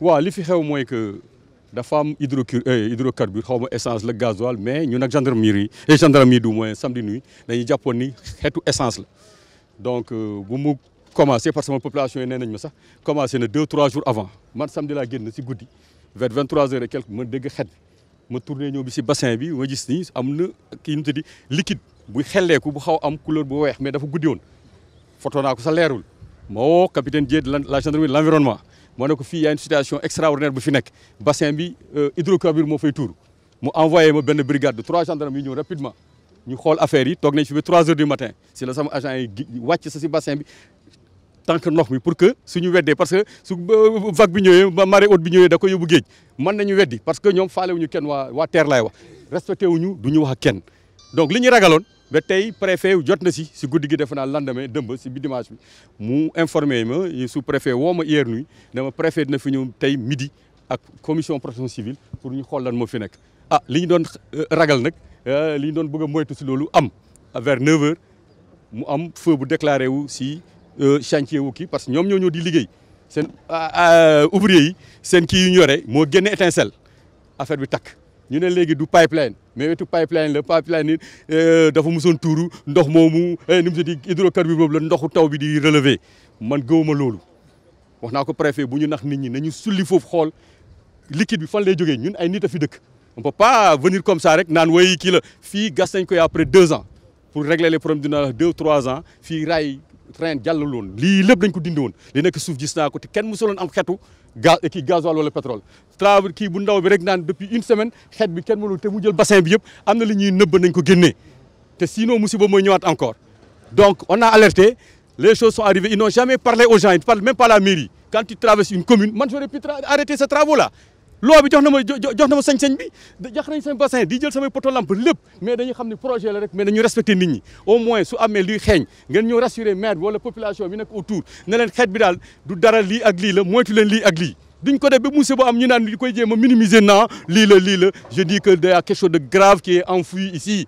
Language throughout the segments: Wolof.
waaw li fi xew mooy que dafa am hydrocur eh, hydrocarbure xaw ma essence la gasoil mais ñun nag gendarmerie yi eh, gendarmerie du moins samedi nuit dañuy jàppoon ni xeetu essence la donc euh, bu mu commencé parce que population yi nee nañ ma sax commencé na deux trois jours avant man samedi laa génn si guddi vers vingt trois heures et quelque ma dégg xet ma tourné ñëw bi si bassin bi ma gis ni am na kii nu di liquide bu xelleeku bu xaw am couleur bu weex mais dafa guddi woon foto naa sa leerul ma woo capitaine Dièye de la gendarmerie moo ne ko fii y une situation extraordinaire bu fi nekk bassin bi euh, hydrocarbure moo fay tuur mu envoyé ma benn brigade de trois gendarmes yu ñëw rapidement ñu xool affaire yi toog nañ fi ba trois heures du matin si la sama agent yi wàcc sa si bassin bi tànk ndox mi pour que suñu weddee parce que su vague bi ñëwee marée haute bi ñëwee da ko yóbbu géej mën nañu weddi parce que ñoom faale wuñu kenn waa waa terre laay wax respecté wuñu du ñu wax ak kenn donc li ñu ragaloon ba tey préfet jot na si si guddi gi defe naa lendemain dëmb si bi dimanche bi mu informé ma su préfet woo ma hier nuit dama préfet na fi ñëw tey midi ak commission protection civile pour ñu xool lan moo fi nekk. ah li ñu doon euh, ragal nag euh, li ñu doon bëgg a moytu si loolu am vers 9h mu am feu bu déclaré wu si euh, chantier wu kii parce que ñoom ñoo ñëw di liggéey seen ouvrier yi seen kii yu yore moo génne étincelle affaire bi takk. ñu ne léegi du pipeline mais wetu pipeline la pipeline it euh, dafa musoon tuuru ndox moomu eh, ni mu se di hydrocarbure boobu la ndoxu taw bi di relever man gëwuma loolu wax naa ko préfet bu ñu nax nit ñi nañu sulli foofu xool liquide bi fan lay jógee ñun ay nit a fi dëkk on peut pas venir comme ça rek naan woy kii la fii gas nañ ko après deux ans pour régler les problèmes dina deux trois ans fii raay train jàllul woon lii lépp dañ ko dindi woon li nekk suuf gis naa ko te kenn mosuloon am xetu gaz kii gasoil wala kii bu ndaw bi rek naan depuis une semaine xet bi kenn mënul te mu jël bassin bi yëpp am na li ñuy nëbb nañ ko génnee te sinon musiba mooy ñëwaat encore donc on a alerté les choses sont arrivées ils n'ont jamais parlé aux gens ils ne parlent même la mairie quand tu une commune man j'aurais pu arrêter ces travaux là loo bi jox na ma jox na ma sañ bi jox nañ seen bassin di jël samay poto lépp mais dañuy xam ne projet la rek mais dañu respecté nit ñi au moins su amee li xeeñ ngeen ñëw rassurer maire bi wala population bi nekk autour ne leen xeet bi daal du dara lii ak lii la moytu leen li ak lii duñ ko def ba musse ba am ñu naan di koy jee ma minimiser naa lii la lii la je dis que il y a quelque chose de grave qui est enfoui ici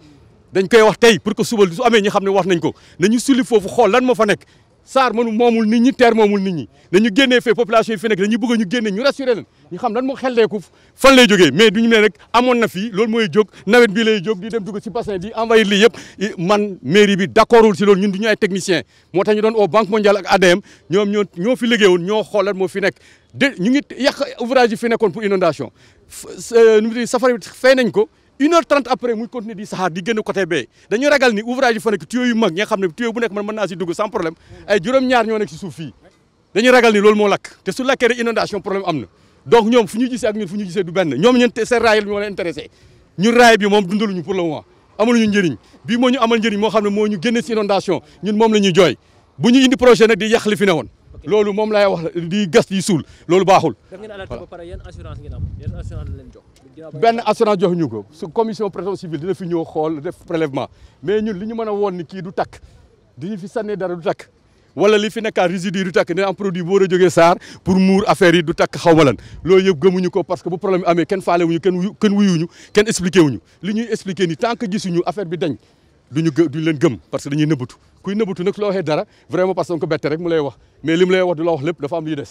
dañ koy wax tey pour que suba su amee ñi xam ne wax nañ ko nañu sulli foofu xool lan moo fa nekk Sarr mënu moomul nit ñi terre moomul nit ñi dañu génnee fee population yi fi nekk dañu bëgg ñu génne ñu rassuré leen ñu xam lan moo xelleeku fan lay jógee mais duñu ne rek amoon na fi loolu mooy jóg nawet bi lay jóg di dem dugg si bassin di envahir lii yëpp man mairie bi d'accordul si loolu ñun du ñu ay technicien moo tax ñu doon au banque mondiale ak ADM ñoom ñoo ñoo fi liggéeyoon ñoo xool lan moo fi nekk de ñu ngi yàq ouvrage yi fi nekkoon pour inondation euh, nu mu safara fay nañ ko une heure trente après muy continuer di saxaar di génn côté bee dañu ragal ni ouvrage yi fa nekk tuyau yu man naa si dugg sans problème ay juróom-ñaar ñoo nekk si suuf fii dañu ragal ni loolu moo lakk te su lakkee rek inondation problème am na donc ñoom fu ñu gisee ak ñun fu ñu gisee du benn ñoom ñun seen raay moo leen intéressé ñun raay bi moom dundaluñu pour le moment amaluñu njëriñ bii moo ñu amal njëriñ moo xam ne moo ñu génne si inondation ñun moom la ñuy jooy bu ñu indi woon loolu moom laay wax di gas di suul loolu baaxul. benn assurance jox ñu ko su commission protection civile dina fi ñëw xool def prélèvement mais ñun li ñu mën a woon ni kii du takk diñu fi sanne dara du takk wala li fi nekkaa résidu du takk dina am produit bu war a jógee saar pour muur affaire du takk xaw ma lan loolu yëpp gëmuñu ko parce que bu problème amee kenn faale wuñu kenn wuyu wuyuñu kenn expliqué wuñu li ñuy expliqué ni tant que gisuñu affaire bi dañ duñu gë leen gëm parce que dañuy nëbbatu kuy nëbbatu nag su la vraiment parce que ko bette rek mu lay wax mais mu lay wax du la wax lépp dafa am yu des